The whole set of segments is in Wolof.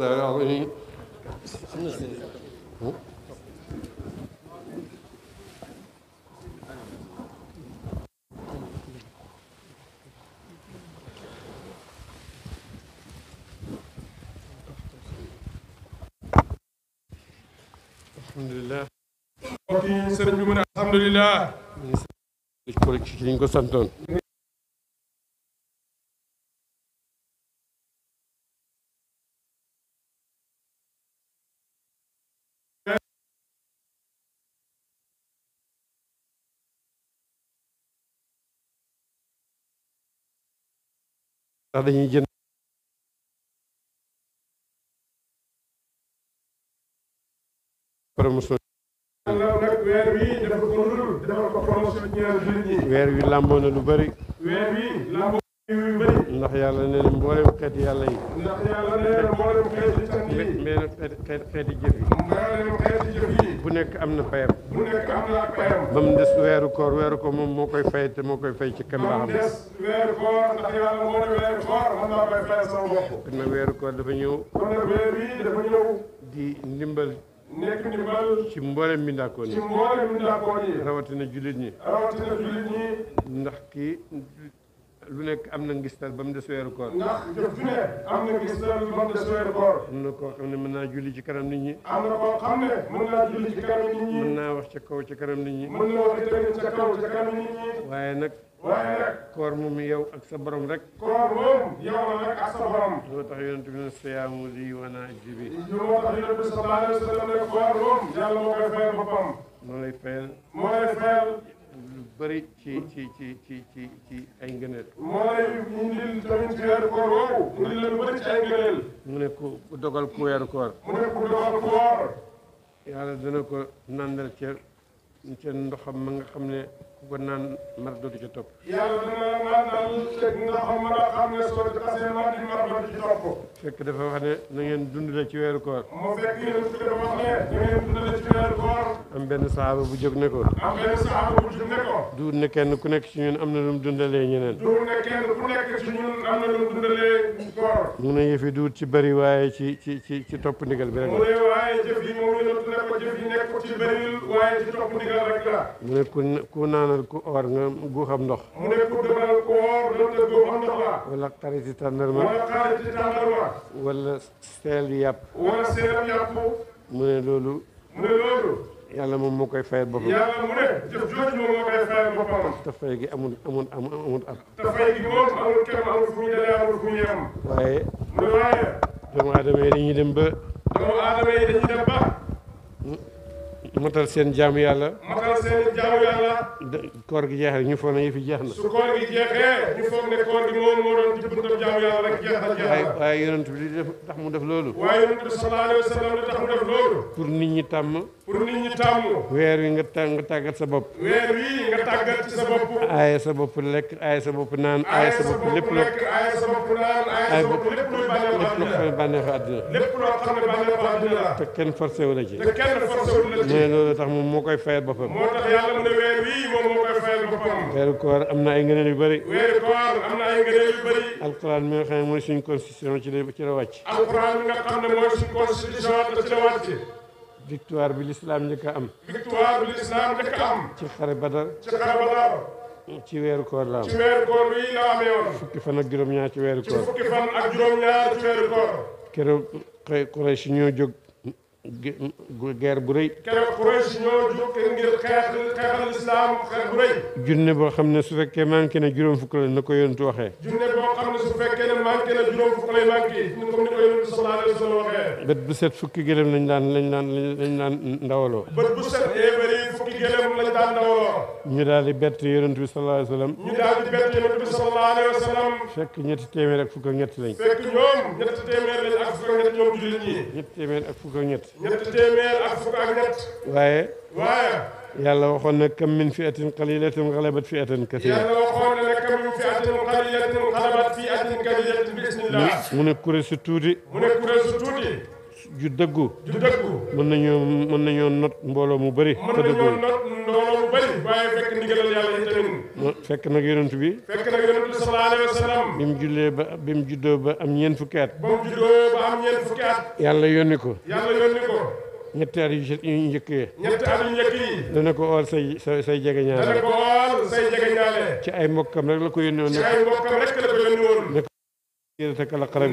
Derarı. alhamdulilah. mbokk yi sëriñ bi mu ne alhamdulilah. ko ci liñ ko santoon. ndax dañuy jënd weer wi dafa ko lu bari weer wi làmboo yu bari ndax yàlla nee na xeeti yàlla yi ndax yàlla nee na mboolem xeeti xeeti xeeti jëf bu nekk am na fayam. bu nekk am na fayam. ba mu des weeru koor weeru koor moom moo koy fay te moo koy fay ci kem baaxam. ba mu des weeru koor ndax yàlla moo ne weeru koor man maa koy fayal sama bopp. kon nag weeru koor dafa ñëw. kon nag weer bii dafa ñëw. di ndimbal. nekk ndimbal. ci mboolem mbindaakoon yi. ci mboolem mbindaakoon yi. rawatina jullit ñi. rawatina jullit ñi. ndax kii. lu nekk am na ngistal ba mu des weeru koor. ndax jëf ju ne am na ngistal ba mu des weeru koor. am na koo xam ne mën naa julli ci kanam nit ñi. am na koo xam ne mën naa julli ci kanam nit ñi. mën naa wax ca kaw ci kanam nit ñi. mën naa wax tamit ca kaw ca kanam nit ñi. waaye nag. waaye nag koor moom yow ak sa borom rek. koor moom yow nag ak sa borom. loo tax yonent bi ne siyaamu lii wa ana ajri bi. moo tax yonent bi sallallahu alayhi wa sallam ne koor moom yàlla moo koy fayal boppam. moo lay fayal. moo lay fayal. bëri ci ci ci ci ci ci ay ngëneel. mooy mu indil tamit ci weeru koor woowu. mu indil leen bëri ci ay ngëneel. mu ne ku dogal ku weeru koor. mu ne ku dogal ku woor. yàlla dana ko nandal ca ca ndoxam ma nga xam ne ku ko naan mar dootu ca topp. yàlla dana la nandal ca ndoxam ma nga xam ne soo ca xasee mar di mar dootu ca topp. fekk dafa wax ne na ngeen dundale ci weeru koor. moo fekk yéen dafa wax ne na ngeen dundale ci weeru koor. am benn saxaaba bu jóg ne ko. duur ne kenn ku nekk ci ñun am na lu mu dundalee ñeneen. duur ne ku nekk ci ñun am na lu mu dundalee koor. mu ne yëfi duut ci bëri waaye ci ci ci ci topp ndigal bi rek la. mu ne ku naanal ku or nga guuxam ndox. mu ne ku naanal ku or nga guuxam ndox la. wala xariti tàndarma. wala xariti seel yàpp. wala seel yàpp. mu ne loolu. mu ne loolu. yàlla moom moo koy fayal boppam. yàlla mu ne jëf jooju moom moo koy fayal boppam. gi amul amul seen jaamu yàlla. matal seen ñu foog jeex na. su tax mu def loolu. waaye yonent bi tax mu def loolu. pour nit ñi tàmm. pour nit ñi taamu. weer wi nga ta nga tàggat sa bopp. weer wi nga tàggat ci sa bopp. aaye sa bopp lekk aaye sa bopp naan. aaye sa bopp lépp lekk aaye sa bopp naan aaye sa bopp lépp luy bànneexu àddina. lépp loo xam ne bànneexu àddina la. te kenn forcé wu la ci. te kenn forcé wu la ci. mais loolu tax moom moo koy fayal boppam. moo tax yàlla mu ne weer wii moom moo koy fayal boppam. weeru koor am na ay ngëneel yu bëri. weeru koor am na ay ngëneel yu bëri. alquran mi nga xam ne mooy suñu constitution ci la ci la wàcc. alquran mi nga xam ne mooy suñu constitution te ci la wàcc victoire bi lislaam njëkk a am. victoire bi lislaam njëkk a am. ci xare Badar. ci xare Badar. ci weeru koor la am. ci weeru koor bii la amee woon. fukki fan ak juróom-ñaar ci weeru koor. ci fukki fan ak juróom-ñaar ci weeru koor. keroog xëy Quraysh ñoo jóg. guerre bu rëy. keroog Quraysh ñoo jóg ngir xeex xeexal lislaam xeex bu rëy. junne boo xam ne na junne boo xam ne su fekkee ne manqué na juróom fukk lay manqué. ni comme ni ko yonent sallallahu alayhi wa sallam waxee. bët bu set fukki gëlëm lañ daan lañ daan lañ ndawaloo. bët bu set eh, gëlëm lañ daan dawaloo ñu daal di bett yonent bi sallallahu alayhi wa sallam ñu daal di bett yonent bi sallallahu alayhi wa sallam fekk ñetti téeméer ak fukk ak ñett lañ fekk ñoom ñetti téeméer lañ ak fukk ak ñett ñoom jullit ñi ñetti téeméer ak fukk ak ñett ñetti téeméer ak fukk ak ñett waaye waaye yàlla waxoon na kam min fi'atin qalilatin ghalabat fi'atan kathira yàlla waxoon na kam min fi'atin qalilatin ghalabat fi'atan kathira bismillah mu ne kuréel su tuuti mu ne kuréel su ju dëggu. ju dëggu. not mbooloo mu bari te mbooloo mu bëri. waaye fekk ndigalal yàlla yi tamit. fekk nag yonent bi. bi mu jullee ba bi mu juddoo ba am ñeent fukki at. ba yàlla yónni ko. yàlla yónni ko. ñetti at yu njëkk yi. ñetti at yu njëkk yi. dana ko ool say say jegeñaale. ci ay mbokkam rek la ko yónni woon. ci ay mbokkam rek la ko yónni woon.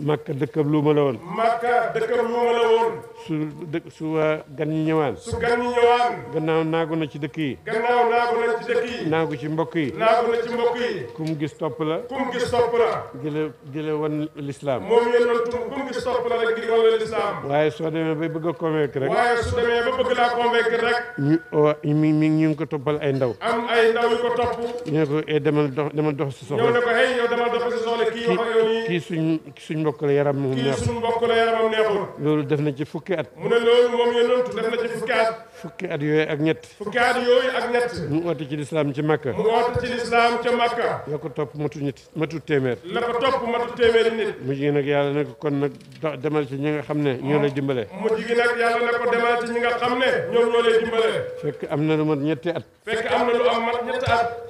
Makka dëkkam luuma la woon. Makka dëkkam luuma su gan ñi ñëwaan. gannaaw naagu na ci dëkk yi. naagu ci mbokk yi. kum gis topp la. ku gis topp la. di la wan lislaam. moom yéen ku gis topp la rek di wan lislaam. waaye soo demee ba bëgg a convaincre rek. waaye su demee ba bëgg laa convaincre rek. ñu mi mi ñu ngi ko toppal ay ndaw. am ay ndaw yu ko topp. ñu ne ko demal eh, demal dox si soxla. kii suñ suñ mbokk la yaram moom neexul mbokk loolu def na ci fukki at mu ne loolu moom yonentu def na ci fukki at fukki at yooyu ak ñett fukki at yooyu ak ñett mu oote ci lislaam ci Makka mu oote ci la ko topp matu téeméer la ko topp matu téeméeri nit mu jigéen ak yàlla ne ko nag demal ci ñi nga xam ne ñoo lay dimbale ñoom ñoo dimbale fekk am na lu mat ñetti at fekk am na lu am mat ñetti at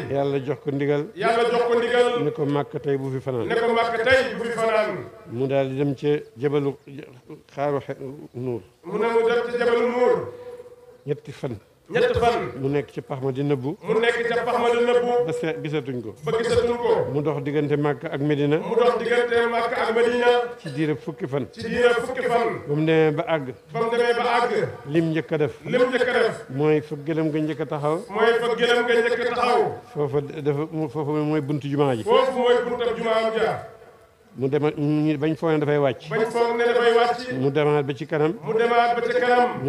nañ yàlla jox ko ndigal yàlla jox ko ndigal ne bu fi fanaan ne ko màkk tey bu fi fanaan mu daal di dem ci jabalu xaaru nuur mu ne mu dem ci nuur ñetti fan mu nekk ci pax ma di nëbbu. mu nekk ca pax ma di nëbbu. ba se gisatuñ ko. ba gisatuñ ko. mu dox diggante Màkka ak Medina. mu dox diggante Màkka ak Medina. ci diire fukki fan. ci ba mu demee ba àgg. ba mu demee ba àgg. lim njëkk a def. mooy fa gëlëm nga njëkk a taxaw. mooy fa gëlëm nga njëkk a taxaw. mooy buntu jumaa ji. foofu mooy buntu jumaa mu dema bañ foog ne bañ foog ne dafay wàcc. mu demaat ba ci kanam. mu demaat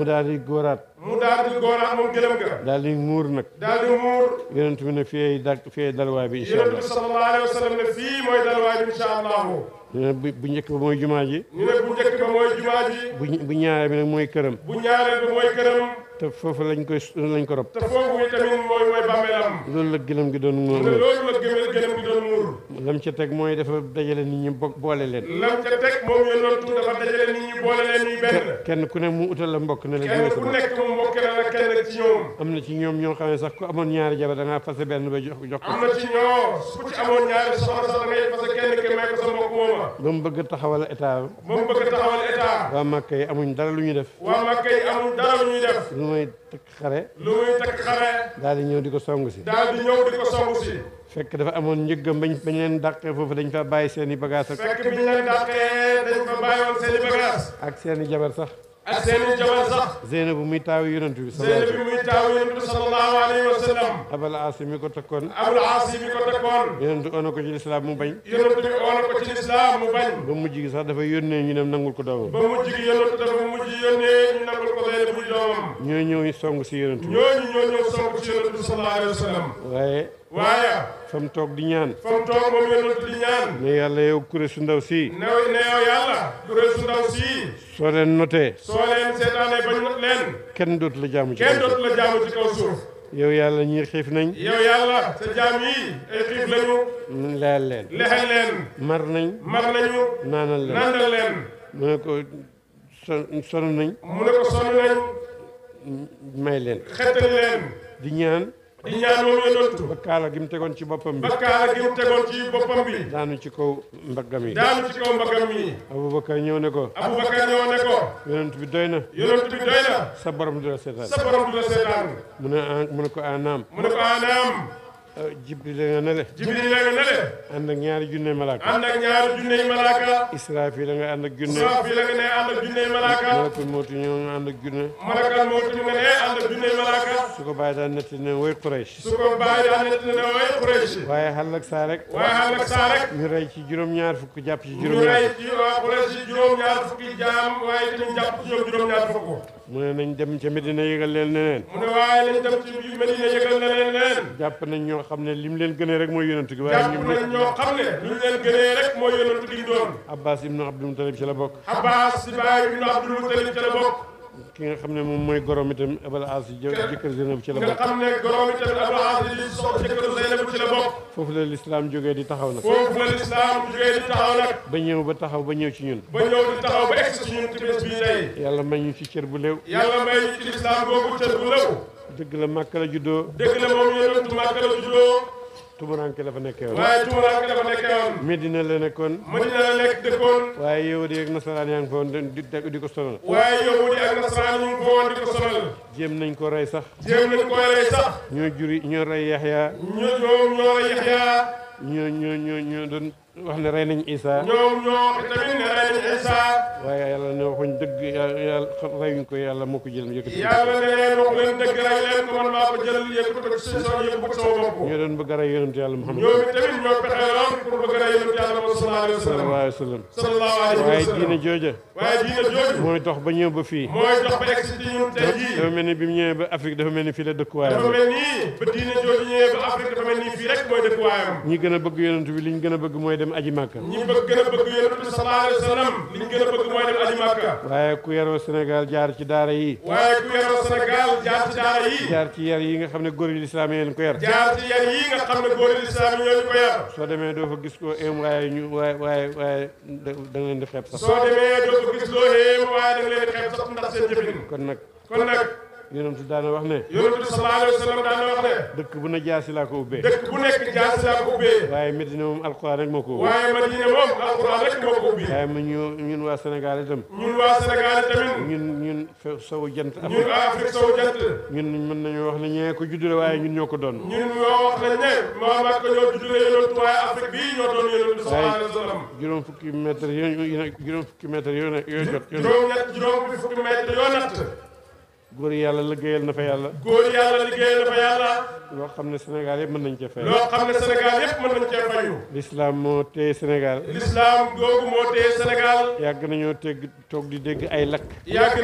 daal di góoraat. daal di góoraan moom gëlëm ga daal di muur nag daal di muur yonent bi ne fiyey da fiyey dalwaay bi incha allah yonent bi sallallahu alayhi wa sallam ne fii mooy dalwaay bi incha allahu ñu ne bu njëkk ba mooy jumaa ji ñu ne bu njëkk ba mooy jumaa ji bu bu ñaareel bi nag mooy këram bu ñaareel bi mooy këram te foofu lañ koy lañ ko rob te foofu yi tamit mooy mooy bàmmeelam loolu la gëlëm gi doon muur loolu la gëlëm gi doon muur lam ca teg mooy dafa dajale nit ñi boole leen lam ca teg moom yonent dafa dajale nit ñi boole leen ñuy benn kenn ku ne mu utal la mbokk ne la kenn ku nekk ci ñoom. am na ci ñoom ñoo xam sax ku amoon ñaari jabar da ngaa fase benn ba jox jox ko. am na ci ñoom ko sa mbokk yi amuñ dara lu ñuy def. waa daal di di ko song si. daal fekk dafa amoon njëggam bañ bañ leen dàqee foofu dañ fa bàyyi seeni i ak. fekk bi ñu leen dañ fa bàyyi woon seen i ak seen jabar sax ak seeni jabar sax. Zeynab bu muy taaw yonent bi. Zeynab bi muy taaw mi ko takkoon. Abul Aas mi ko takkoon. yonent bi oona ko ci lislaam mu bañ. yonent bi oona ko ci lislaam mu bañ. ba mujj gi sax dafa yónnee ñu ne nangul ko doomam. ba mujj gi yonent dafa mujj yónnee ñu nangul ko Zeynab bu doomam. ñoo ñëw song si yonent bi. ñooñu ñoo ñëw si yonent bi waaye. waaye fa mu toog di ñaan fa mu toog moom yonent di ñaan ne yàlla yow kuré su ndaw sii ne yow yàlla kuré su ndaw sii soo leen notee soo leen seetaanee ba ñu leen kenn dootu la jaamu ci kaw suuf yow yàlla ñii xiif nañ yow yàlla sa jaam yi ay xiif lañu leyal leen lexal leen mar nañ mar nañu naanal leen naanal leen mu ne ko sonu nañ mu ne ko sonu nañ may leen xetal leen di ñaan di ñaan moom yonantu ba kaala gi tegoon ci boppam bi ba kaala tegoon ci boppam bi daanu ci kaw mbaggam yi daanu ci kaw mbaggam yi aboubacar ñëw ne ko aboubacar ñëw bi doy na yonantu bi doy na sa borom du la seetaan mu ne mu ne ko anaam mu ne ko anaam Jibril la nga nele. Jibril la nga nele. ànd ak ñaari junne malaaka. ànd ak ñaari junne malaaka. Israafil la nga ànd ak junne. Israafil la nga ne ànd ak junne malaaka. Malakal Mawti ñëw nga ànd ak junne. Malakal Mawti nga ne ànd ak junne malaaka. su ko bàyyi daan netti ne way Quraysh. su ko bàyyi daan netti ne way Quraysh. waaye xal ak saa rek. waaye xal ak saa rek. ñu rey ci juróom-ñaar fukk jàpp ci juróom-ñaar. ñu rey ci waa Quraysh juróom-ñaar fukki jaam waaye tamit jàpp ci juróom-ñaar fukk. mu ne nañ dem ca Medina yëgal leen neneen mu ne waaye lañ dem ci biir Medina yëgal na leen neen nañ ñoo xam ne lim leen gënee rek mooy yonantu gi waaye jàpp nañ ñoo xam ne lim leen gënee rek mooy yonantu gi doon Abbas Abdul Mutalib ci la bokk ci la bokk ki nga xam ne moom mooy gorom itam Abal As jëkkër Zeynab ci di ci la bokk. foofu la lislaam jógee di taxaw nag. foofu la lislaam jógee di taxaw nag. ba ñëw ba taxaw ba ñëw ci ñun. ba ñëw di taxaw ba egsi ci ñun ci bii tey. yàlla may ñu ci cër bu léew. yàlla may ñu ci lislaam boobu cër bu léew. dëgg la màkk la juddoo. dëgg la moom yonentu màkk la juddoo. Tuburanke la fa nekkee woon. waaye Tuburanke la fa nekkee woon. Medina la nekk dëkkoon. waaye yahudi ak nasaraan fa woon di di ko sonal. waaye yahudi ak nasaraan yaa ngi fa di ko sonal. jéem nañ ko rey sax. jéem nañ ko sax. ñoo juri ñoo rey Yaxya. ñoo ñoo ñoo rey Yaxya. wax ne rey nañ Isa. ñoom ñoo tamit ne rey nañ Isa. waaye yàlla ne waxuñ dëgg yàlla reyuñ ko yàlla moo ko jël yëkkati. yàlla ne wax leen dëgg rey leen ko man maa ko jël yëkkati ko si sa yëpp ko sama bopp. ñoo doon bëgg a rey yonent yàlla Muhammad. ñoom tamit ñoo pexe lool pour bëgg a rey yonent yàlla Muhammad sallallahu alayhi wa sallam. sallallahu alayhi wa sallam. sallallahu alayhi wa sallam waaye diine jooja. waaye diine jooja. mooy dox ba ñëw ba fii. mooy dox ba egg si ñun tey jii. dafa mel ni bi mu ñëwee ba Afrique dafa mel ni fii la dëkkuwaayam. dafa mel ni ba diine jooja ñëwee ba Afrique dafa mel ni fii rek mooy dëkkuwaayam. ñi gën a bëgg yonent bi li ñu gën a bëgg mooy dem aji màkka ñi bëgg gën a bëgg yonent bi sallallahu alayhi wa sallam li ñu gën a bëgg mooy dem aji màkka waaye ku yaroo Sénégal jaar ci daara yi waaye ku yaroo Sénégal jaar ci daara yi jaar ci yar yi nga xam ne góor yi lislaam yeen ko yar jaar ci yar yi nga xam ne góor yi lislaam ñooñu ko yar soo demee doo fa gis ko éem waaye ñu waaye waaye waaye da nga leen di xeeb sax soo demee doo fa gis loo éem waaye da nga leen di xeeb sax ndax seen jëfin kon nag kon nag yonentu daana wax ne yonentu sallallahu alayhi wa sallam daana wax ne dëkk bu ne jaasi laa ko ubbee dëkk bu nekk jaasi laa ko ubbee waaye Medina moom alquran rek moo ko ubbee waaye Medina moom alquran rek moo ko ubbee waaye mu ñu ñun waa Sénégal itam ñun waa Sénégal itam ñun ñun sowu jant ñun Afrique sowu jant ñun mën nañoo wax ne ñee ko juddule waaye ñun ñoo ko doon ñun ñoo wax nañ ne maamat ko ñoo juddule yonentu waaye Afrique bii ñoo doon yonentu sallallahu alayhi wa sallam juróom fukki mètre yo juróom fukki mètre yoo yoo jot juróom ñett juróom fukki mètre yoo natt góor yàlla liggéeyal na fa yàlla. góor yàlla liggéeyal na fa yàlla. loo xam ne Sénégal yëpp mën nañ cee fayu. moo téye Sénégal. yàgg nañoo teg dégg ay lakk. yàgg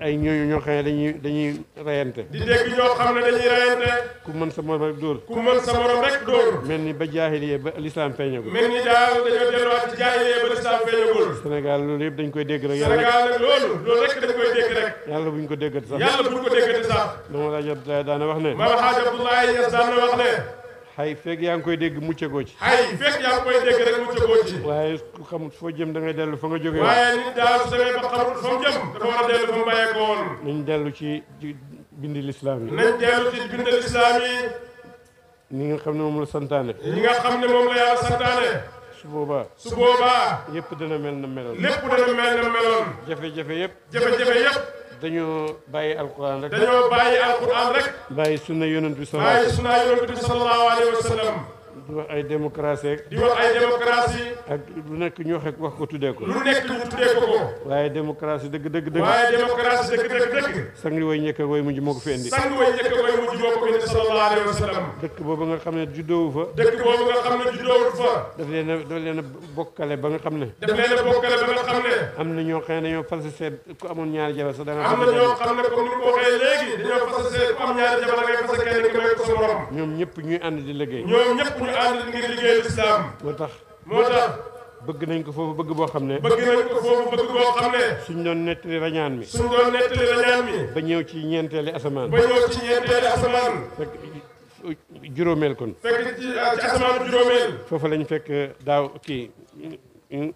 nañoo dañuy dañuy rayante. di ni ba jaahiliya loolu yëpp dañ koy dégg rek. Sénégal loolu loolu dañ koy dégg rek. yàlla buñ ko déggati sax. yàlla buñ ko déggati sax. Abdoulaye daana wax ne. Maam Xaaj Abdoulaye Niass daana wax ne. xay fekk yaa ngi koy dégg muccagoo ci. xay fekk xamut foo jëm da ngay dellu fa nga jógee nit daal su demee ba xamut fa jëm dafa war a fa mu bàyyee nañ dellu ci bindi lislaam yi. nañ dellu ci bindi lislaam nga xam ne moom la santaane. ñi nga xam ne moom la yàlla santaane. su boobaa su boobaa. yëpp dana mel na meloon. lépp dana mel na meloon. jafe-jafe yëpp. jafe-jafe yëpp. dañoo bàyyi alquran rek. dañoo bàyyi alquran rek. bàyyi sunna yonent bi. bàyyi sunna yonent bi sallallahu alayhi wa sallam. di wax ay démocratie di wax ak lu nekk ñu wax wax ko tuddee ko lu nekk mu tuddee ko ko waaye démocratie dëgg dëgg dëgg waaye sangi way ñëkk way mujj moo ko fi indi sangi way ñëkk way mujj moo ko fi indi xam ne juddoowu fa daf leen bokkale ba nga xam ne daf leen bokkale ba nga xam ne am na ñoo xam ne dañoo falsifie ku amoon ñaari jabar sax ñoo xam ne ku am ñaari jabar da fas kenn ki may ko sa ñoom ñëpp ñuy ànd di liggéey pour ànd ngir liggéeyal islam. moo tax moo tax. bëgg nañ ko foofu bëgg boo xam ne. suñ doon nettali rañaan mi. suñ doon nettali rañaan mi. ba ñëw ci ñeenteeli asamaan. ba ñëw ci ñeenteeli asamaan. fekk juróomeel kon. foofu lañ fekk daaw kii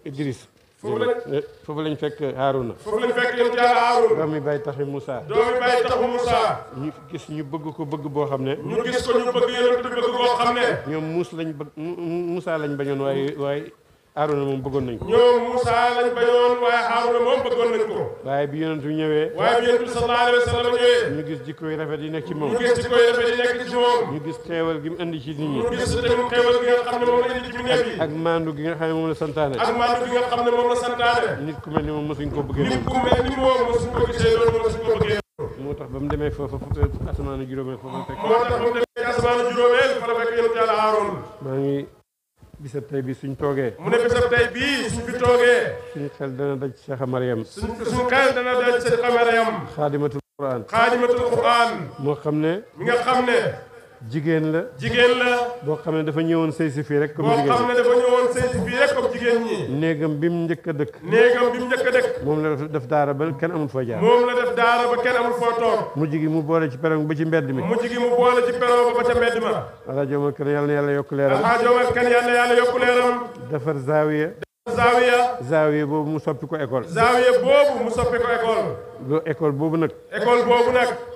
Idriss. foofu lañ lañ fekk Haaruna eh, foofu lañ fekk yéen yàlla Haaruna doomi bay taxi Moussa doomi bay taxu Moussa ñu gis ñu bëgg ko bëgg boo xam ne ñu gis ko ñu bëgg yonent lañ bëgg lañ bañoon waaye waaye Haaruna moom moom bëggoon nañ ko bi yonent ñëwee waaye bi ñu gis jikko rafet yi nekk ci moom ñu gis jikko xeewal gi mu indi ci nit ñi ak maandu gi nga xam ne moom ne santaane nit ku ni moom mosuñ ko bëggee moom mosuñ ko gisee moo tax ba mu demee foofa asamaanu moo tax mu demee asamaanu juróomeel fa la fekk maa ngi bisab tey bii suñ toogee mu ne bisab tey bii suñ fi toogee suñ xel dana daj Cheikh Mariam xaadimatul quran moo xam ne mi nga xam ne jigéen la jigéen la boo xam ne dafa ñëwoon sëy si fii rek comme jigéen boo xam ne dafa ñëwoon sëy si fii rek comme jigéen ñi néegam bi mu njëkk a dëkk néegam bi mu njëkk a dëkk moom la def daara ba kenn amul foo jaar moom la def daara ba kenn amul foo toog mujj gi mu boole ci perong ba ci mbedd mi mujj gi mu boole ci perong ba ca mbedd ma alaajo ma kan yàlla na yàlla yokk leeram alaajo ma kan yàlla na yàlla yokk leeram defar zaawiya zaawiya zaawiya boobu mu soppi ko école zaawiya boobu mu soppi ko école lu école boobu nag école boobu nag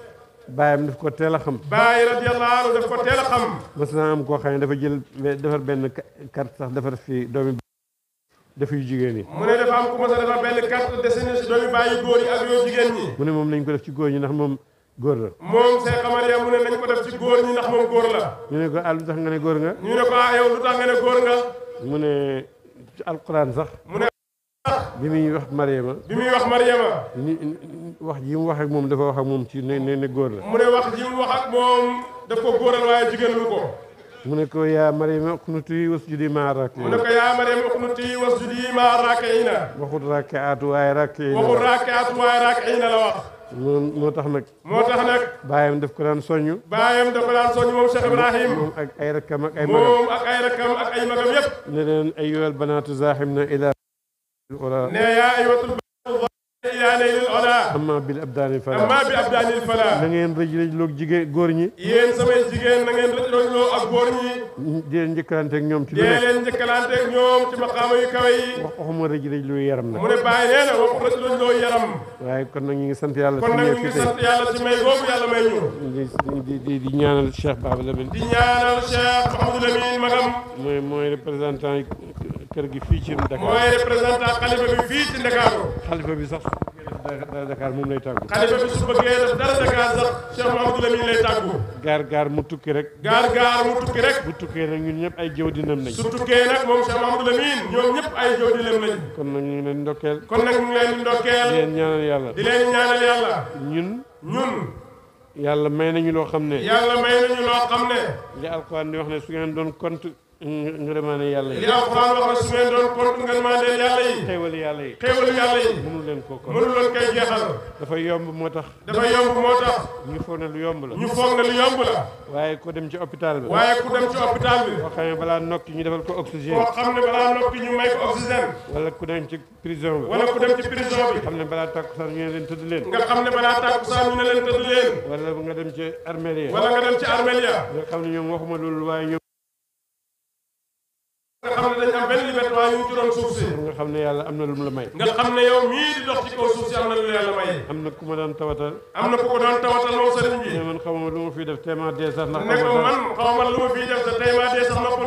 baayam def ko teel a xam. baay radiyallahu anhu ko teel xam. mos naa am koo xam ne dafa jël defar benn carte sax defar fi doomi daf yu dafa am si doomi góor yi ak yoo jigéen ñi. mu ne moom nañ ko def ci góor ñi ndax moom góor la. moom Cheikh Amady mu ne nañ ko def ci góor ñi ndax moom góor la. ñu ne ko ah lu tax nga góor nga. ñu ne ko ah, yow lu tax nga góor nga. mu ne ci alquran sax. bi muy wax Mariama. bi muy wax Mariama. ni wax ji mu moom dafa waxak moom ci ne ne ne góor la. mu ne wax ji mu wax ak moom daf ko góoral waaye jigéen mu ko mu ne ko yaa Mariama uqnutii wasjudii ma'a raaki'iin. waxut raakaatu waaye raaki'iin. waxut wax. moom moo tax nag. moo tax nag. baayam daf ko daan soññu. baayam daf ko daan soññu moom Cheikh Ibrahim. moom ak ay rakkam ak ay magam moom ak ay ne ay yool banaatu zaaxim na ila ne yaa aywatul yaa laylil ola amma bil abdaani fala amma bi abdaanil fala na ngeen rëj rëjloog jigéen góor ñi yéen samay jigéen na ngeen rëj rëjloo ak góor ñi di leen ñoom ci lu nekk di leen njëkkalanteeg ñoom ci yaram nag mu ne bàyyi nee na wax rëj rëjloo yaram kon nag ñu ngi sant yàlla kon ci may googu yàlla may ñu kër gi fii ci Dakar bi fii ci Dakar. xalifa bi moom lay tàggu. xalifa bi su bëggee dara Dakar sax Cheikh Mamadou Lamine lay tàggu. gaar gaar mu tukki rek. gaar gaar mu tukki rek. bu tukkee nag ñun ñëpp ay jëw dinam nañ. su tukkee nag moom Cheikh Mamadou Lamine ñoom ñëpp ay jëw dinam nañ. kon nag ñu ngi ndokkeel. kon nag ñu ngi ndokkeel. di leen ñaanal yàlla. di leen ñaanal yàlla. ñun ñun. yàlla may nañu loo xam ne. yàlla may nañu loo xam ne. li alquran di wax ne su ngeen doon compte ngërëmaane yàlla yi wax su ngeen doon kont ngërëmaane yàlla yi xéewalu yàlla yi xéewalu yàlla yi mënu leen ko kon mënu leen dafa yomb moo tax dafa yomb moo tax ñu foog ne lu yomb la ñu waaye ku dem ci hôpital bi waaye ku dem ci hôpital bi koo ko ku dem ci prison bi wala ku dem ci prison bi xam ne balaa tàkkusaan ñu ne leen tëdd leen nga xam ne balaa tàkkusaan ñu ne leen tëdd leen wala nga dem ci armeel ya wala nga dem ci armeel ya nga xam ne ñoom waxuma nga xam ne dañ am benn liberté waaye suuf si nga xam ne yàlla am na lu mu la may nga xam ne yow mii di dox ci kaw suuf si am na lu yàlla may am ku ma daan tawatal am na ko man xawma lu ma fii def téeméer dee sax ma fii def yàlla nga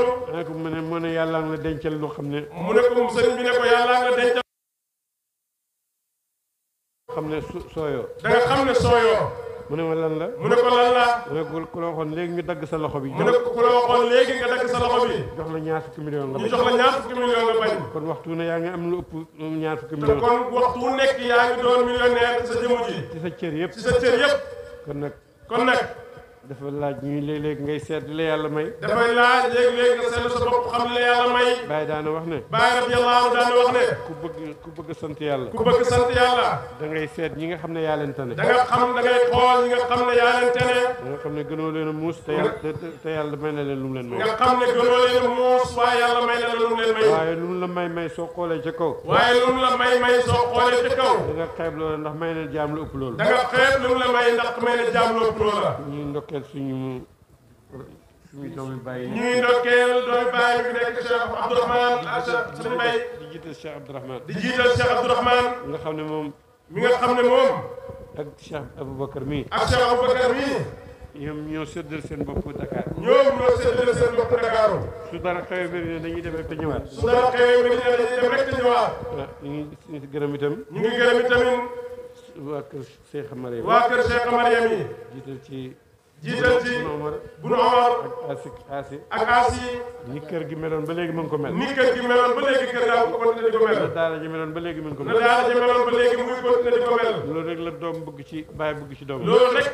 loo xam ne mu ne ko moom sëriñ bi ne ko yàlla nga dencal xam ne sooyoo da nga xam ne sooyoo mu ne ma lan la mu ne ko lan mu ne ko ku la léegi ñu dagg sa loxo bi mu ne ko ku léegi nga dagg sa loxo bi jox la ñaar fukki million nga bañ kon waxtu ne yaa ngi am lu ëpp ñaar fukki million kon waxtu nekk yaa ngi doon millionnaire ci sa jëmm ji ci sa cër yëpp ci sa cër yëpp kon nag kon nag dafa laaj ñuy léeg-léeg ngay seet la yàlla may dafay laaj léeg-léeg nga seetlu sa yàlla may Baye daana wax ne Baye radiyallaahu daana wax ne ku bëgg ku bëgg sant yàlla ku seet ñi nga xam ne yaa leen xam ne yaa leen gënoo leen a muus yàlla te na leen lu leen may waaye yàlla may na leen leen may waaye lu la may may soo xoolee ca kaw waaye lu la may may soo xoolee ca kaw da xeeb loolu ndax may na jaam lu ëpp loolu da xeeb lu la may ndax may na jaam lu ëpp loolu ndokkeel suñu suñu doomi bàyyi. ñuy ndokkeel doomi bàyyi bi nekk Cheikh Abdourahmane ak Cheikh Sëñ Bay. di jiital Cheikh Abdourahmane. di jiital Cheikh Abdourahmane. mi nga xam ne moom. mi nga xam ne moom. ak Cheikh Aboubacar mii. ak Cheikh Aboubacar mii. ñoom ñoo séddale seen bopp Dakar. ñoom ñoo séddale seen bopp Dakar. su dara xewee mbir ne dañuy dem rek te ñëwaat. su dara xewee mbir ne dañuy dem rek te ñëwaat. waaw ñu ngi gërëm itam. ñu ngi gërëm itam. waa kër Cheikh Mariam. waa kër Cheikh Mariam yi. jiital ci. jiital ci bunu Omar ak Asi ni kër gi meloon ba léegi mu ko mel ni kër gi meloon ba léegi kër daa ko ko mel na mu ko mel na daara ji meloon ko loolu rek la ci bàyyi ci doomam loolu rek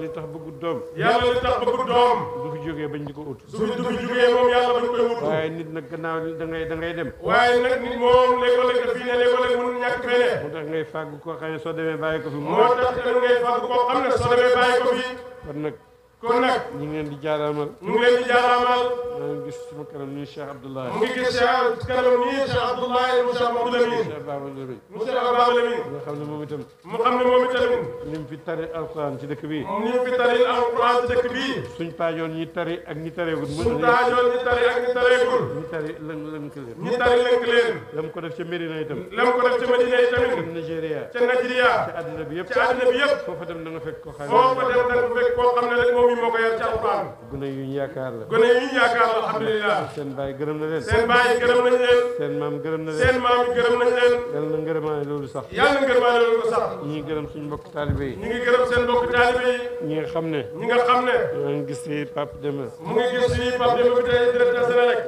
li tax bëggu doom yàlla jógee bañ di ko ut su fi du fi moom yàlla bañ koy ut waaye nit nag gannaaw da ngay da ngay dem waaye nag nit moom léeg-léeg fii ne léeg-léeg mënul ñàkk fene moo tax ngay fàgg ko xam ne soo demee bàyyi ko fi moo tax ngay fàgg koo xam ne soo demee bàyyi ko fi kon nag kon nag ñu ngi leen di jaaraamal ñu ngi leen di jaaraamal maa ngi gis suma kanam nii Cheikh Abdoulaye mu ngi gis Cheikh kanam nii Cheikh Abdoulaye Moussa Mamadou Lamine Cheikh Baba Lamine Moussa Baba Lamine nga xam ne moom itam mu xam ne moom itam ni mu fi tari alquran ci dëkk bii ni mu fi tari alquran ci dëkk bii suñ paajoon ñi tari ak ñi tareegul suñ paajoon ñi tari ak ñi tareegul ñi tari lënk lënk leen ñi tari lënk leen lam ko def ca Médina itam lam ko def ca Médina itam ca Nigeria ca Nigeria ca àddina bi yëpp ca àddina bi yëpp foofa dem da nga fekk koo xam ne foofa dem da nga fekk koo xam ne rek moom mi moo ko yor ci alquran gune yu ñu yaakaar la gune yu ñu yaakaar la alhamdulilah seen baay gërëm na leen seen baay gërëm nañ leen seen maam gërëm na leen seen maam gërëm nañ leen yàlla na ngërëmaane loolu sax yàlla na ngërëmaane loolu sax ñi ngi gërëm suñu mbokk taalibe yi ñi ngi gërëm seen mbokk taalibe yi ñi nga xam ne ñi nga xam ne mu ngi gis si Pape Demba mu ngi gis si Pape Demba bi tey directeur Sénélec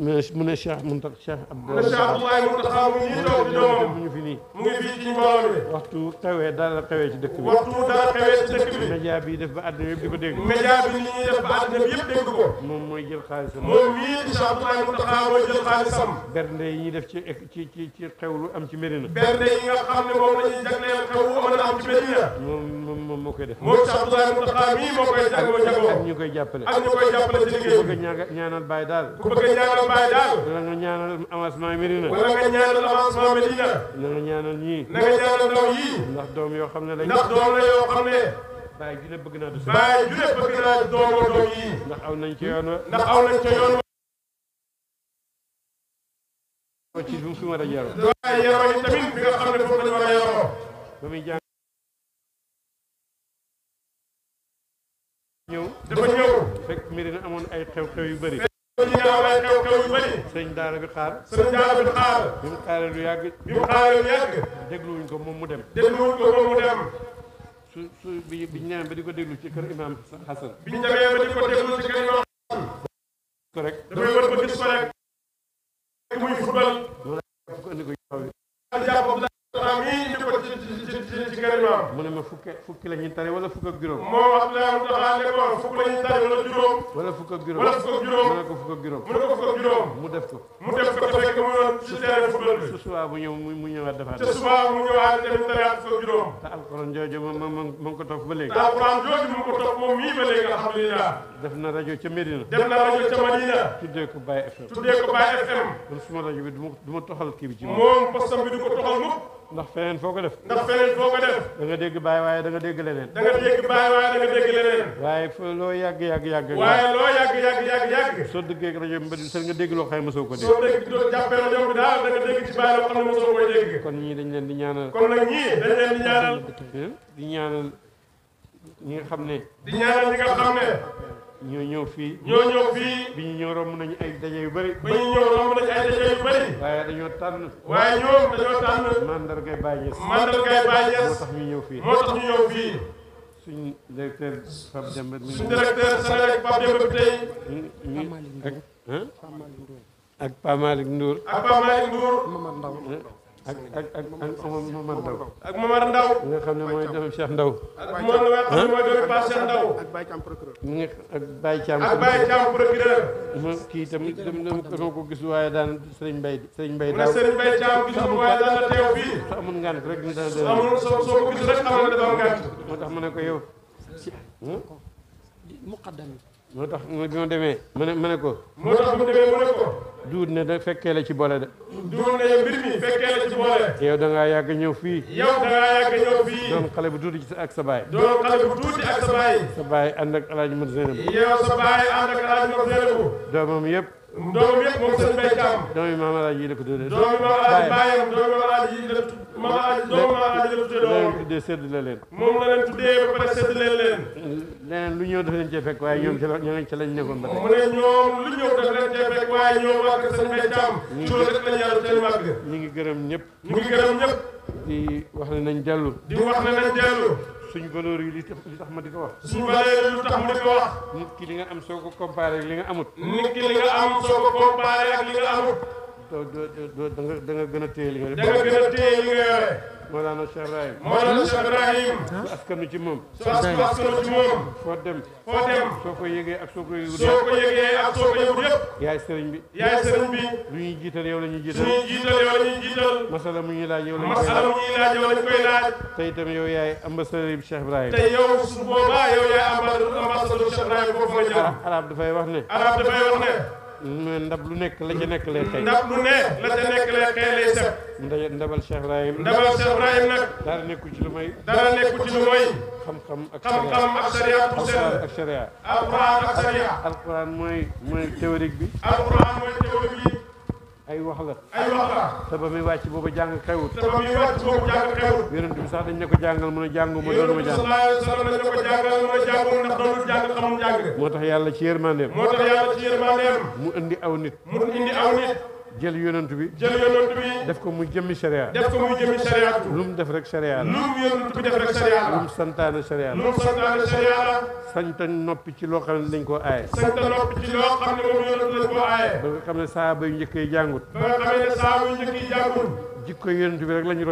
mu ne Cheikh Mountakha Cheikh Abdou. mu ne Cheikh Mountakha Mountakha mu ngi toog di doomam mu ngi fi nii. mu ngi fii ci mbooloo mi. waxtu tawee dara tawee ci dëkk bi. waxtu dara tawee ci dëkk bi. média bi def ba àddina yëpp di ko dégg. média bi ni ñuy def ba àddina bi yëpp dégg ko. moom mooy jël xaalisam. moom mii di Cheikh Mountakha Mountakha mooy jël xaalisam. bernde yi ñuy def ci ci ci ci xewlu am ci Medina. bernde yi nga xam ne moom la ñuy jagleel xewlu mën a am ci Medina. moom moom moom moo koy def. moom Cheikh Mountakha mii moo koy jagoo jagoo. ak ñu koy jàppale. ak ñu koy jàppale ci liggéey bi. ku bëgg ñaanal bàyyi daal. ku bëgg ñaanal Baye Dado. na nga ñaanal avancement Medina. wala nga ñaanal avancement Medina. na nga ñaanal ñii. na nga ñaanal ndaw yii. ndax doom yoo xam ne lañ. ndax doom la yoo xam ne. Baye ju ne bëgg naa du. Baye ju ne bëgg naa doomu doom yii. ndax aw nañ ca yoon wa. ndax aw nañ ca yoon wa. ci fi mu war a yaroo. waaye yaroo yi tamit bi nga xam ne foofu lañ war a yaroo. ba muy jàng. ñëw dafa ñëw. fekk Medina amoon ay xew-xew yu bëri. sëñ Daara xew xew yu bëri. sëñ Daara bi xaar. sëñ Daara bi xaar. bi mu xaaree yàgg. bi lu yàgg. dégluwuñ ko moom mu dem. dégluwuñ ko moom mu dem. su su bi bi ñu demee ba di ko déglu ci kër Imaam Hassan. bi ñu demee ba di ko déglu ci kër Imaam Hassan. ko rek. damay war ko rek. taxaw nii indi ko ci ci ci garimaam. mu ne ma fukki fukki la ñuy tare wala fukk ak juróom. moo Abdoulaye mu taxaw ne ko fukk la ñuy tare wala juróom. wala fukk ak juróom wala fukk ak juróom. mu ne ko fukk ak juróom. mu ne ko fukk ak juróom. mu def ko. mu def ko te fekk mu doon ci terrain football bi. te suba bu ñëw mu ñëwaat defaat. te suba mu ñëwaat def taraat fukk ak juróom. te alxuraan jooju ma ma ma ko topp ba léegi. te alxuraan jooju mu ko topp moom mii ba léegi alhamdulilah. def na rajo ca Medina. def na rajo ca Medina. tuddee ko Baye FM. tuddee ko Baye FM. kon suma rajo bi du ma toxal kii bi ci moom postam bi du ko toxal mukk ndax feneen foo ko def ndax feneen foo ko def da dégg baay waaye da nga dégg leneen da dégg baay waaye da dégg leneen waaye loo yàgg yàgg yàgg waaye loo yàgg yàgg yàgg soo rajo bi sa nga dégg loo ko dégg soo doo jàppee rajo bi daal da dégg ci baay loo xam ne mosoo koy dégg kon ñii dañ leen di ñaanal kon nag ñii dañ leen di ñaanal ñi nga xam ne di ñaanal ñi nga xam ne ñoo ñëw fii. ñoo ñëw fii. bi ñu ñëw romb nañu ay daje yu bëri. bi ñu ñëw romb nañu ay daje yu bëri. waaye dañoo tànn. waaye ñoom dañoo tànn. mandargay Baay Ñas. mandargay Baay Ñas. moo tax ñu ñëw fii. moo tax ñu ñëw fii. suñu directeur Pape Demba. suñu directeur Sénégal Pape Demba bi tey. ak Pape Malick Ndour. ak Pape Malick Ndour. ak Pape Malick Ndour. Mamadou Ndaw. ak ak ak ak Momar Ndaw ak Momar Ndaw mi nga xam ne mooy doomu Cheikh Ndaw ak moom la nga xam ne mooy doomu Pa Cheikh Ndaw ak Baye Thiam procureur mi nga ak Baye Thiam ak Baye Thiam procureur ma kii itam dama ko gis waaye daan Serigne Mbaye Serigne Mbaye daaw Serigne Mbaye Thiam gis waaye daan la teew fii su amul ngànt rek dina dana amul soo soo ko gis rek amal na dafa ngànt moo tax ma ne ko yow muqaddam moo tax bi ma demee ma ne ma ne ko moo tax bi mu demee mu ne ko duut ne da fekkee la ci boole de. duut ne yow mbir mi fekkee la ci boole. yow da ngaa yàgg ñëw fii. yow da ngaa yàgg ñëw fii. doon xale bu tuuti ak sa baay. doon xale bu tuuti ak sa baay. sa baay ànd ak El Hadj Modou Seynabou. yow sa baay ànd ak El Hadj Modou Seynabou. doomam yëpp. doomam yëpp moom sëñ Mbaye Thiam. doomi maam Alaaji yi la ko tuddee. doomi maam Alaaji bàyyam doomi maam Alaaji yi la tudd maam Alaaji doomi maam Alaaji la tuddee doomam. tuddee sedd la moom la leen ñëw daf leen cee waaye ñoom lañ nekkoon mu ñëw daf leen cee waaye ñoom waa kër sëñ Mbaye Thiam. ñu ngi gërëm ñëpp. ñu ngi gërëm ñëpp. di wax ne nañ dellu. di wax ne nañ dellu. suñu valeur yi li tax ma di ko wax. suñu valeur yi lu tax ma di wax. nit li nga am soo ko comparé li nga amut. nit li nga am soo ko comparé ak li nga amut. da nga gën a téye li nga da nga gën a téye li nga yore Mawlana Cheikh Ibrahim Mawlana ci moom su askanu ci moom dem foo dem soo ko yëgee ak soo ko yëgul soo ko yëgee ak soo ko yëgul yëpp yaay sëriñ bi yaay sëriñ bi lu ñuy jiital yow la jiital lu ñuy mu ñuy laaj yow la koy laaj te itam yow yaay ambassadeur bi Cheikh Ibrahim te yow su boobaa yow yaay ambassadeur Cheikh Ibrahim foofu nga jëm ah, dafay wax ne arab dafay wax ne ndab lu nekk la ca nekk lay xëy ndab lu ne la ca nekk lay xëy lay sef ndabal Cheikh Ibrahim ndabal Cheikh Ibrahim nag dara nekku ci lu may dara nekku ci lu may xam-xam ak xam-xam ak sariya pour seen ak sariya alquran ak sariya alquran mooy mooy théorique bi alquran mooy théorique bi ay wax la ay wax la te ba muy wàcc boobu jàng xewut te ba muy wàcc boobu jàng xewut yonent bi sax dañ ne ko jàngal mën a jàngu ma doonu ma jàng sallallahu alayhi wasallam dañ ne ko jàngal mën a jàngu ndax doonu jàng xamul jàng moo tax yàlla ci yërmandeem moo tax yàlla ci yërmandeem mu indi aw nit mu indi aw nit jël yonent bi jël yonent bi def ko mu jëmmi sharia lum def rek sharia la lu mu yonent bi def rek sharia noppi ci loo xam ne dañ koo aaye sañta noppi ci loo xam ne dañ koo aaye ba yu njëkk jàngut ba nga xam rek la ñu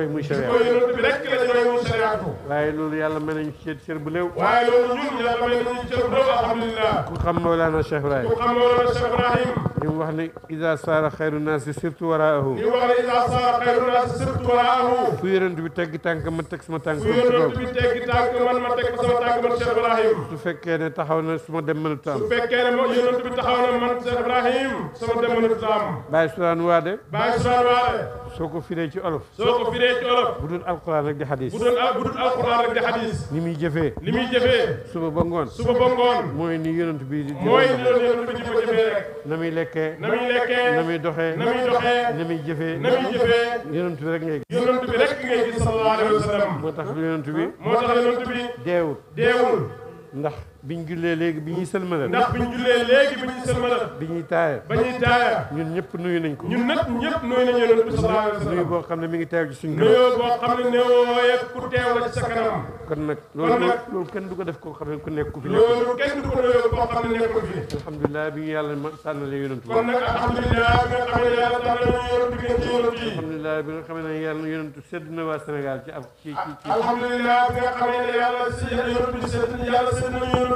loolu yàlla mën nañu ci cër bu léew waaye loolu ñun yàlla mën nañu ci cër bu léew ku xam Mawlana Cheikh Ibrahim ku xam li mu wax ne isa saara xayru naasi surtout waraahum li mu saara xayru naasi surtout waraahum fu yonent bi tegg tànk ma teg tànk fu yonent bi tegg man ma teg sama tànk man Cheikh Ibrahim su fekkee ne taxaw na su ma dem mënut a suraan waade bàyyi soo ko firee ci olof soo ko firee ci olof bu dul alquran rek di xadis bu dul bu dul alquran rek di xadis ni muy jëfee ni muy jëfee suba ba ngoon suba ba ngoon mooy ni yonent bi di mooy ni yonent bi di ko jëfee rek na muy lekkee na muy lekkee na muy doxee na muy doxee na muy jëfee na muy jëfee yonent bi rek ngay gis yonent bi rek ngay gis sallallahu alayhi wa sallam moo tax yonent bi moo tax yonent bi deewul deewul ndax bi ñu jullee léegi bi ñuy sëlmalal. ndax bi ñu jullee léegi bi ñuy sëlmalal. bi ñuy taaya. ba ñuy taaya. ñun ñëpp nuyu nañ ko. ñun nag ñëpp nuyu nañ yonent bi sallallahu alayhi wa sallam. nuyu boo xam ne mi ngi teew ci suñu kanam. nuyu boo xam ne néewooyee ku teew la ci sa kanam. kon nag loolu loolu kenn du ko def koo xam ne ku nekk ku fi nekk. loolu kenn du ko nuyoo koo xam ne nekkul fi. alhamdulilah bi ñu yàlla ma sànnalee yonent bi. kon nag alhamdulilah bi nga xam ne yàlla tànnal na yonent bi ci yonent yi. alhamdulilah bi nga xam ne yàlla yonent sedd na waa Sénégal ci ab ci ci. alhamdulilah bi nga xam ne yàlla si yonent bi sedd yàlla sedd na yonent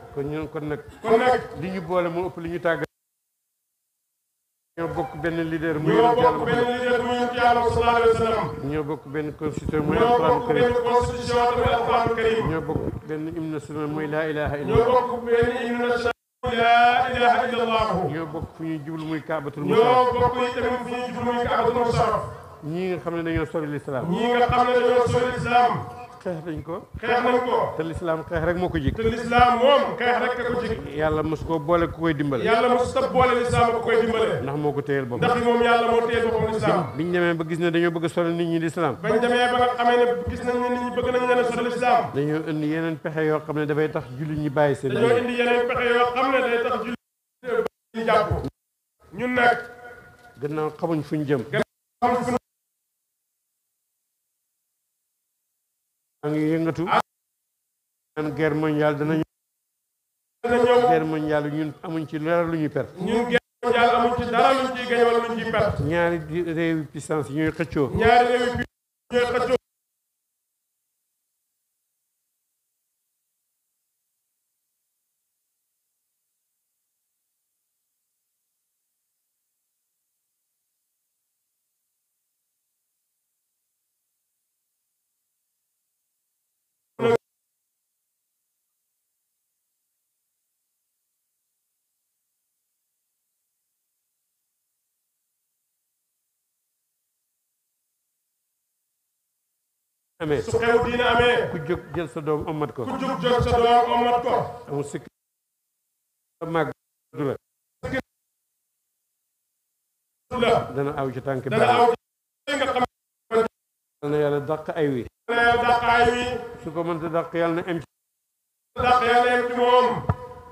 kon ñun kon nag. kon nag li ñu boole moo ëpp li ñu tàggat. ñoo bokk benn leader muy yonent yàlla ñoo bokk benn leader muy yonent yàlla sallallahu alayhi wa sallam. ñoo bokk benn constitution muy alquran karim. ñoo bokk benn constitution muy alquran karim. ñoo bokk benn hymne sunu muy laa ilaha illa ñoo bokk benn hymne muy laa ilaha illa allah. ñoo bokk fu ñuy jublu muy kaabatul musarraf. ñoo bokk tamit fu ñuy jublu muy kaabatul musarraf. ñii nga xam ne dañoo sori lislaam. ñii nga xam ne dañoo sori lislaam. xeex ko nañ ko te lislaam xeex rek moo ko jig te lislaam moom xeex rek ka ko jig yàlla mosu ko boole koy dimbale ko koy dimbale moo ko téyel boppam ndax yàlla moo téyel boppam lislaam bi ñu demee ba gis ne dañoo bëgg a nit ñi lislaam bañ demee ba nga xamee ne gis ne nit ñi bëgg nañ leen a sori dañoo indi yeneen pexe yoo xam ne dafay tax jullit ñi bàyyi seen dañoo indi yeneen pexe yoo xam ne day tax jullit ñi jàpp ñun nag gannaaw xamuñ fuñ jëm maa ngi yëngatu. naan ah. dana ñëw. guerre ñun amuñ ci dara lu ñuy perte. ñun guerre amuñ ci dara luñ ciy gañ wala luñ ciy perte. ñaari réewi réewi puissance ñooy xëccoo. amee su xew diina ku jóg jël sa doom mat ko. ku jóg jël sa doom ko. amul aw ci tànk yàlla dàq ay wi. dàq ay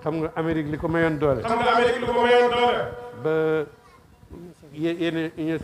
xam nga Amérique li ko mayoon doole. xam nga Amérique li ko mayoon doole. ba. yenn union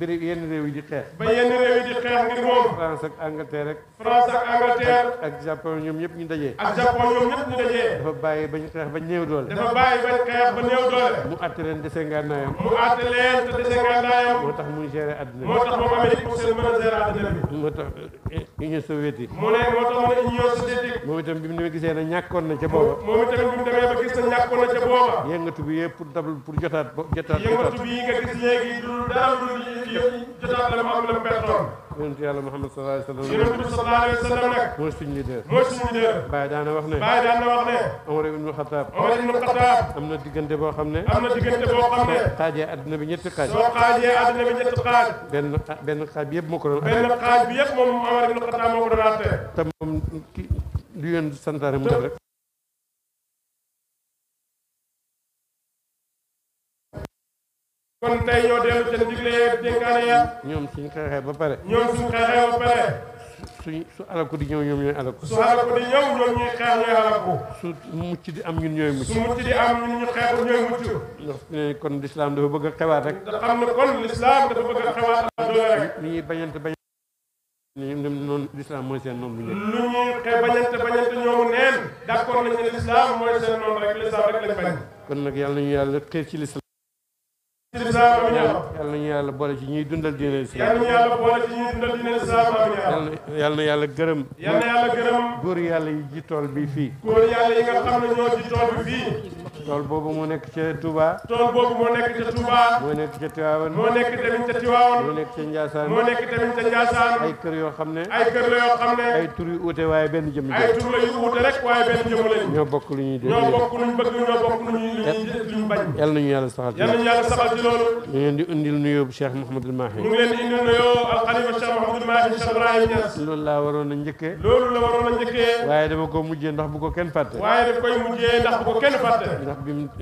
yenn yenn réew yi di xeex. ba yenn réew yi di xeex ngir moom. France ak Angleterre rek. France ak Angleterre. ak Japon ñoom ñëpp ñu dajee. ak Japon ñoom ñëpp ñu dajee. dafa bàyyi bañ xeex ba néew doole. dafa bàyyi bañ xeex ba néew doole. mu àtte leen dese ngànnaayam. mu àtte leen te dese ngànnaayam. moo tax muy gérer àddina bi. moo tax moom Amérique pour seen mën a gérer àddina bi. moo tax eh, eh, union soviétique. mu ne moo tax mu ne union soviétique. moom itam bi mu demee gisee na ñàkkoon na ca booba. moom itam bi mu demee ba gis na ñàkkoon na ca booba. yëngatu bi yëpp pour dabal pour jotaat jotaat néeg yi du dara lu dul jotaat la mu am la mu bettoon yonentu yàlla Muhammad sallallahu alayhi wa sallam yonentu bi sallallahu alayhi wa sallam nag mooy suñu leader mooy suñu leader Baye daana wax ne Baye daana wax ne Omar ibn Khattab Omar ibn Khattab am na diggante boo xam ne am na diggante boo xam ne xaajee àddina bi ñetti xaaj soo xaajee àddina bi ñetti xaaj benn benn xaaj bi yëpp moo ko doon benn xaaj bi yëpp moom Omar ibn Khattab moo ko doon atte te moom ki lu yoon santaane mu def rek kon tey ñoo dellu ca ndigle dénkaane ya ñoom suñ xeexee ba pare ñoom su alaku di ñoom ñooy alaku su alaku di ñoom ñuy xeex ñooy mucc di am ñun ñooy mucc su mucc di am dafa bëgg a xewaat rek xam ne kon lislaam dafa bëgg a xewaat ak doole rek ni ñuy bañante bañ noonu lislaam mooy seen noonu bu lislaam mooy seen noonu rek lislaam rek lañ bañ kon nag yàlla ñu yàlla xeer ci lislaam yàlla na ñu yàlla boole ci ñuy dundal diine islam yàlla na ñu yàlla boole ci ñuy dundal diine islam yàlla na yàlla gërëm yàlla na yàlla gërëm góor yàlla yi ji tool bi fii góor yàlla yi nga xam ne ñoo ji tool bi fii tool boobu moo nekk ca Touba tool boobu moo nekk ca Touba moo nekk ca Tiwaawan moo nekk tamit ca Tiwaawan moo nekk ca Njaasaan moo nekk tamit ca Njaasaan ay kër yoo xam ne ay kër la yoo xam ne ay tur yu uute waaye benn jëm ay tur la yu uute rek waaye benn jëm lañ ñoo bokk lu ñuy def ñoo bokk lu ñu bëgg ñoo bokk lu ñuy lu bañ yàlla nañu yàlla saxal yàlla nañu yàlla saxal ci loolu ñu ngi leen di indil nuyoo Cheikh Mouhamadul Mahi ñu ngi leen di indil nuyoo alxalifa Cheikh Mouhamadul Mahi Cheikh Ibrahim Niass loolu laa waroon a njëkkee loolu la waroon a njëkkee waaye dama ko mujjee ndax bu ko kenn fàtte ndax bu ko kenn fàtte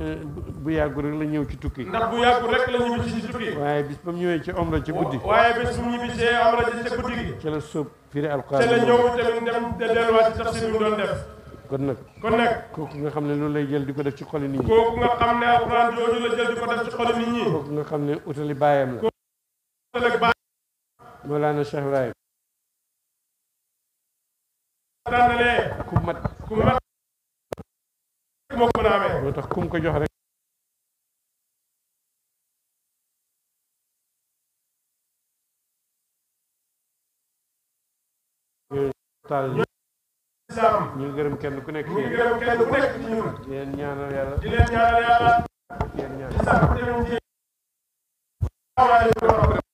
eh, yàggu rek la ñëw ci tukki ndax bu yàggu rek la ñëw ci tukki waaye bis ba mu ñëwee ci omra ci guddi waaye bis bu ñu bisee omra ci guddi gi ci la sóob firi alquran ci la ñëw tamit dem delluwaat ci kon nag kon nag kooku nga xam ne loolu lay jël di ko def ci xoli nit ñi kooku nga xam ne alxuraan jooju la jël di ko def ci xoli nit ñi kooku nga xam ne utali baayam la utali baayam Mawlana Cheikh Ibrahim tànnalee ku mat ku mat moo ko mën a amee moo tax ku mu ko jox rek taal ñu ngi gërëm kenn ku nekk ñu ngi gërëm kenn ku nekk ci ñun di leen ñaanal yàlla di leen ñaanal yàlla di leen ñaanal